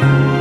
Thank you.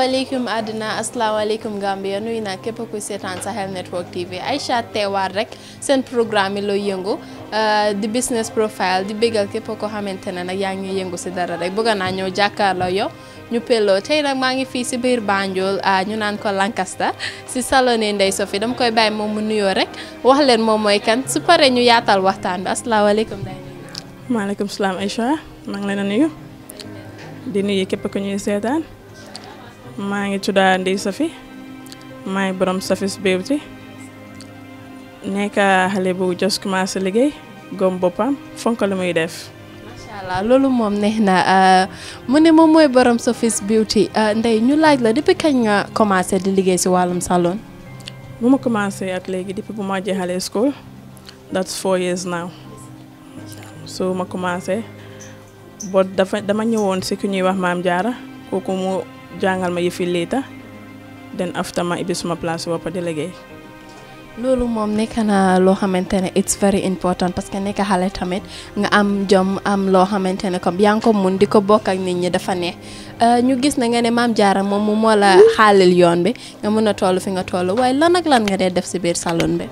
asalaamaaleykum àddina asalaamaaleykum Gambia nuy na kep ku setan Sahel Network TV aisha tewar rek sen programme lo looy yëngu eh, di business profile di begal kep ko xamantene nak nag yaa ngi dara rek bëgg naa ñoo jakarlo yo ñu pelloo tay nak maa ngi ci bir banjol Banjul ñu nan ko Lancaster ci salone ndey Sofi dam koy bay mom mu nuyo rek wax len mom moy e kan su pare ñu yaatal waxtaan bi asalaamaaleykum wa alaikum salaam aisha maa ngi leen nuyu di nuyu kep ko ñuy setan maa ngi daa Ndeye Safi maay borom Safis Beauty nekka xale bu jos commencé liggéey gom boppam fonk lu muy def macha allah loolu moom neex na euh, mu ne moom mooy boroom Safis Beauty euh, ndey ñu laaj la depuis kañ nga commencé di liggéey si wàllum salon bu ma commencé ak léegi depuis bu ma jeexalee school that's four years now so ma commencé boo dafa dama ñëwoon si ku ñuy wax maam jaara kooku mu jàngal ma yëfi later then after ma ibbi suma place bopp di liggéey loolu moom nekk na loo xamante ne it's very important parce que nekk xale tamit nga am jom am loo xamante ne comme yaa ngi ko mun di ko bokk ak nit ñi dafa neex euh, ñu gis na nga ne maam jaara moom mu moo la xaalil yoon bi nga mën a toll fi nga toll waaye lan ak lan nga dee def si biir salon bi.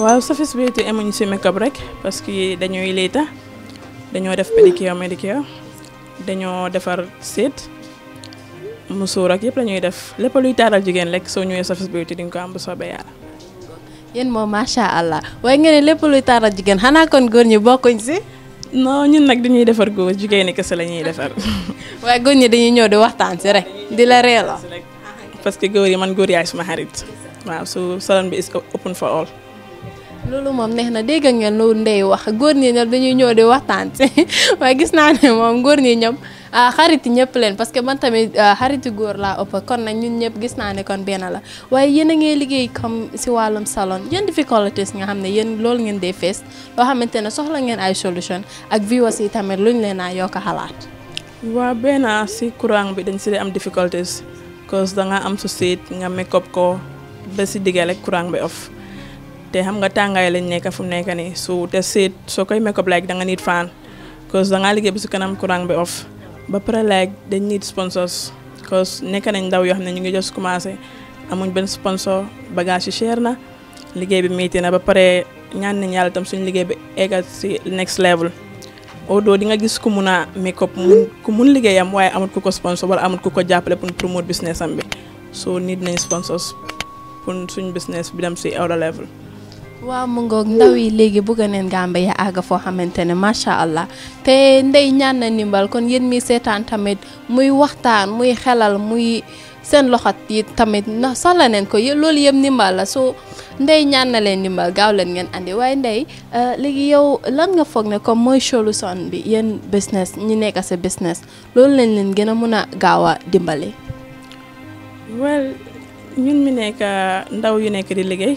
waaw Surface Beauty amuñu si make rek parce que dañuy later dañoo def pédicure médicure dañoo defar seet. musoor ak yëpp la ñuy def lépp luy taaral jigéen lekk soo ñëwee Safis Beauty di nga ko am bu soobee yàlla. yéen moom macha allah waaye nga ne lépp luy taaral jigéen xanaa kon góor ñi bokkuñ si. non ñun nag dañuy defar góor jigéen ñi kese la ñuy defar. waaye góor ñi dañuy ñëw di waxtaan si rek. di la reeloo parce que góor yi man góor yaay suma xarit. waaw su salon bi is open for all. loolu moom neex na dégg ngeen lu ndey wax góor ñi ñoom dañuy ñëw di waxtaan si waaye gis naa ne moom góor ñi ñoom ah, xarit ñëpp leen parce que man tamit ah, xariti góor laa ëpp kon nag ñun ñëpp gis naa ne kon benn la waaye yéen a ngi liggéey comme si wàllum salon yéen difficultés nga xam ne yéen loolu ngeen dee fees loo xamante ne soxla ngeen ay solution ak viewers yi tamit luñ leen a yokk xalaat. waa benn si courant bi dañ si am difficultés cause da nga am su seet nga make up ko ba si digale courant bi off. te xam nga tàngaay lañ nekk fu mu nekk nii su te seet soo koy make up like da nga need fan cause da ngaa liggéey bi si kanam courant bi off ba pare like dañ need sponsors cause nekk nañ ndaw yoo xam ne ñu ngi just commencé amuñ benn sponsor bagage yi cher na liggéey bi métti na ba pare ñaan nañ yàlla tam suñu liggéey bi eggal si next level. odoo di nga gis ku mun a make up mun ku mun liggéeyam waaye amut ku ko sponsor wala amut ku ko jàppale pour promote business am bi so niit nañ sponsors pour suñ business bi dem si other waaw mu ngoog ndaw yi léegi bëgg neen Gambie yi àgg foo xamante ne macha allah te ndey ñaan na ndimbal kon yéen mi seetaan tamit muy waxtaan muy xelal muy seen loxo yi tamit na soxla neen ko loolu yëpp ndimbal la so ndey ñaan na leen ndimbal gaaw leen ngeen andi waaye ndey euh, léegi yow lan nga foog ne comme mooy son bi yéen business ñi nekk sa business loolu lañ leen gën a mun a gaaw a dimbali. well ñun mi nekk euh, ndaw yu nekk di liggéey.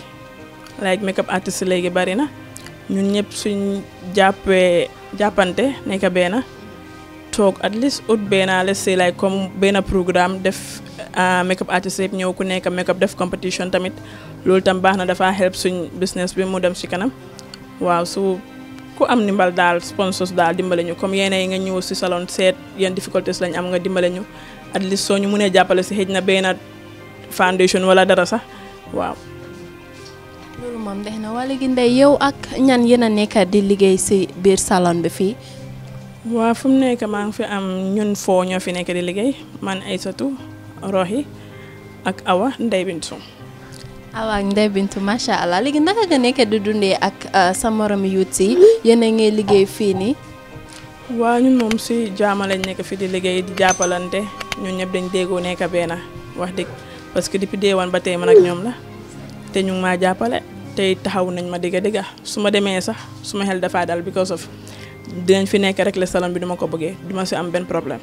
like makeup artist léegi bari na ñun ñëpp suñ jàppee jàppante nekk benn toog at least ut benn la see like comme benn programme def ah, makeup artist yëpp ñëw ku nekk makeup def competition tamit loolu tam baax na dafa help suñ business bi mu dem ci kanam waaw su ku am ndimbal daal sponsors daal dimbale ñu comme yeneen yi nga ñëw ci salon seet yenn difficultés lañ am nga dimbale ñu at least soo ñu mënee jàppale si xëj na benn foundation wala dara sax moom dex na wala gi ndey yow ak ñan yéen a nekkat di liggéey si biir salon bi fii waa fu mu nekk maa ngi fi am ñun foo ñoo fi nekk di liggéey man ay Aysatu Roxi ak Awa Ndey Bintu Awa ak Ndey Bintu macha allah léegi naka nga nekk di dundee ak uh, sa morom yuut si yéen a ngi liggéey fii nii waa ñun moom si jaama nekk fi di liggéey di jàppalante ñun ñëpp dañ déggoo nekk benn wax dëgg parce que depuis wan ba tey man ak ñoom la te ñu maa jàppale tey taxaw nañ ma diga diga suma démé sax suma xel dal because of dinañ fi nekk rek le salon bi duma ko bëggé duma ci am ben problème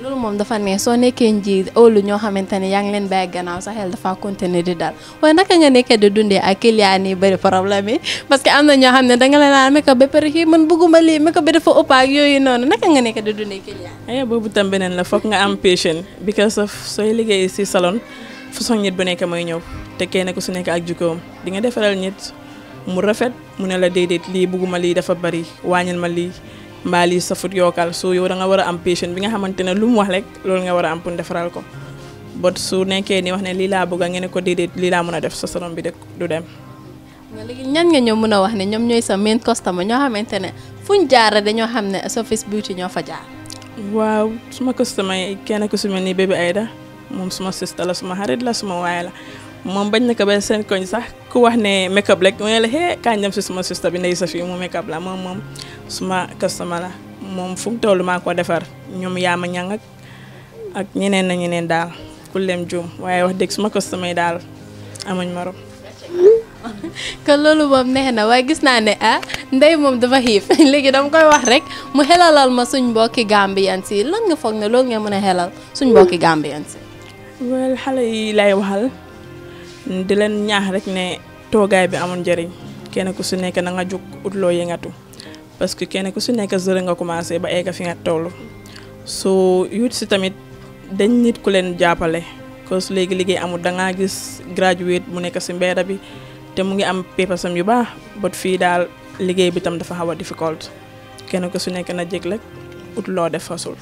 lolu mom dafa ne so nekkee ñi olu ño xamante ya ngi leen bay gannaaw sa xel dafa continuer di dal way naka nga nekkee de dundé ak client yi bëri problème yi parce que amna ño xamné da nga la naan make up ba man bëgguma li make bi dafa ak non naka nga nekkee de dundé client. ay bobu tam benen la fokk nga am patient because of soy liggéey ci salon façon nit bu nekk moy ñew te kenn ku su nekk ak jikkoom di nga defaral nit mu rafet mu ne la déedéet lii bugguma li dafa bari wañal ma li safut yokal su yow da nga wara am patient bi nga xamante lu mu wax rek lool nga wara am pour defaral ko bot su nekké ni wax ne li la bëgg nga ngeen ko déedéet li la mëna def sa salon bi de du dem. ñan nga ñoo mëna wax ne ñom ñoy sa main customer ño xamante fuñ jaaree dañu xamné ne Beauty ño fa jaar. waaw suma customer kenn ko su melni ni Aida. moom suma sista la suma xarit la suma waaye la moom bañ na ko ba seen koñ sax ku wax ne make up rek mu ne la suma sista bi ndey sa mu make up la moom moom suma customer la moom fu mu maa ko defar ñoom yaama ñang ak ak ñeneen na ñeneen daal kullem juum waaye wax dëgg suma customer yi daal amañ moroom kon loolu moom neex na waaye gis naa ne ah ndey moom dafa xiif léegi dama koy wax rek mu xelalal ma suñ mbokki gambiyan si lan foog ne loolu ngeen mën a xelal suñ mbokki gambiyan si wel xale yi lay waxal di leen ñaax rek ne toogaay bi amul njëriñ kenn ku si nekk na nga jóg utloo yëngatu parce que kenn ku si nekk zéro nga commencé ba egg fi nga toll soo si tamit dañ nit ku leen jàppale cause léegi liggéey amul da ngaa gis graduate mu nekk si mbedda bi te mu ngi am papasam yu baax bot fii daal liggéey bi tam dafa xaw a difficult kenn ku si nekk na jég rek ut loo def fasul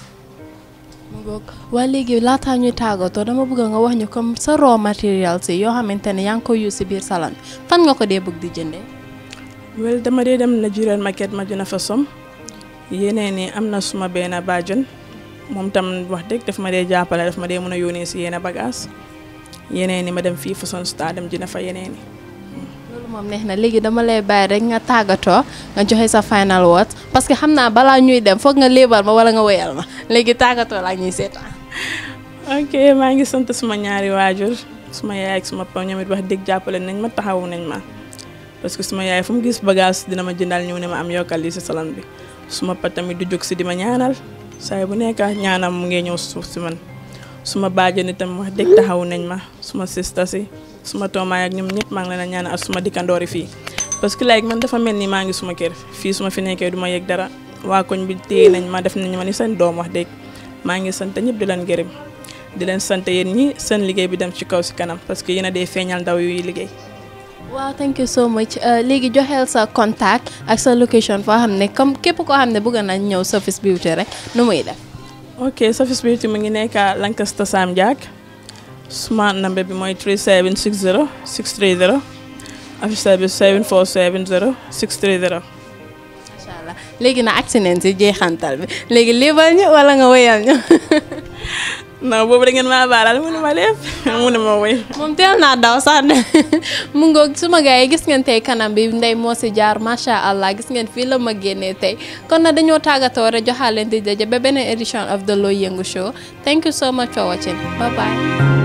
waa léegi laataa ñuy tàggatoo dama bëgg nga wax ñu comme sa raw matériel si yoo xamante ne yaa ngi koy use si biir salon bi fan nga ko dee bëgg di jëndee. wel dama dee dem Nigerian market ma jënd fa som yeneen ni am na suma benn baajon moom tam wax dëgg daf ma dee jàppale daf ma dee mën a yónnee si yenn bagage yeneen ni ma dem fii façon star dem jënd fa yeneen yi moom neex na léegi dama lay bàyyi rek nga tàggatoo nga joxe sa final word parce que xam naa balaa ñuy dem foog nga léebal ma wala nga woyal ma léegi tàggatoo laa ñuy seetaan. ok maa ngi sant suma ñaari waajur suma yaay ak suma pam ñoom it wax dëgg jàppale nañ ma taxawu nañ ma parce que suma yaay fu mu gis bagage dina ma jëndal ñëw ne ma am yokkal lii si salon bi suma pa tamit du jóg si di ma ñaanal saay bu nekk ñaanam mu ngi ñëw suuf si man suma baajani tam wax dëgg taxawu nañ ma suma sista si. suma toomaay ak ñoom ñëpp maa ngi leen a ñaanal ak suma dikkandoori fii parce que like man dafa mel ni maa ngi suma kër fii suma fi nekkee du ma yëg dara waa koñ bi téye nañ ma def nañ ma ni seen doom wax dëgg maa ngi sant ñëpp di leen gërëm di leen sant yéen ñi seen liggéey bi dem ci kaw si kanam parce que yéen a dee feeñal ndaw yuy liggéey. waaw thank you so much euh, léegi joxeel sa contact ak sa location foo xam ne comme képp koo xam ne bëgg nañ ñëw Surface Beauty rek nu muy def. ok Surface Beauty mu ngi nekk à Lancaster Samjak smart number bi mooy 3760 630 affichage bi 7470 630. macha allah léegi nag agsi nañ si jeexantal bi léegi léebal ñu wala nga wéyal ñu. non boobu da ngeen maa mu ne ma lépp mu ne ma wéy. moom teel naa daw sax ne mu ngoog suma gars yi gis ngeen tey kanam bi ndey moo si jaar macha allah gis ngeen fii la ma génnee tey kon na dañoo tàggatoo rek joxaale leen di daje ba beneen édition of the Loi Yengou Show thank you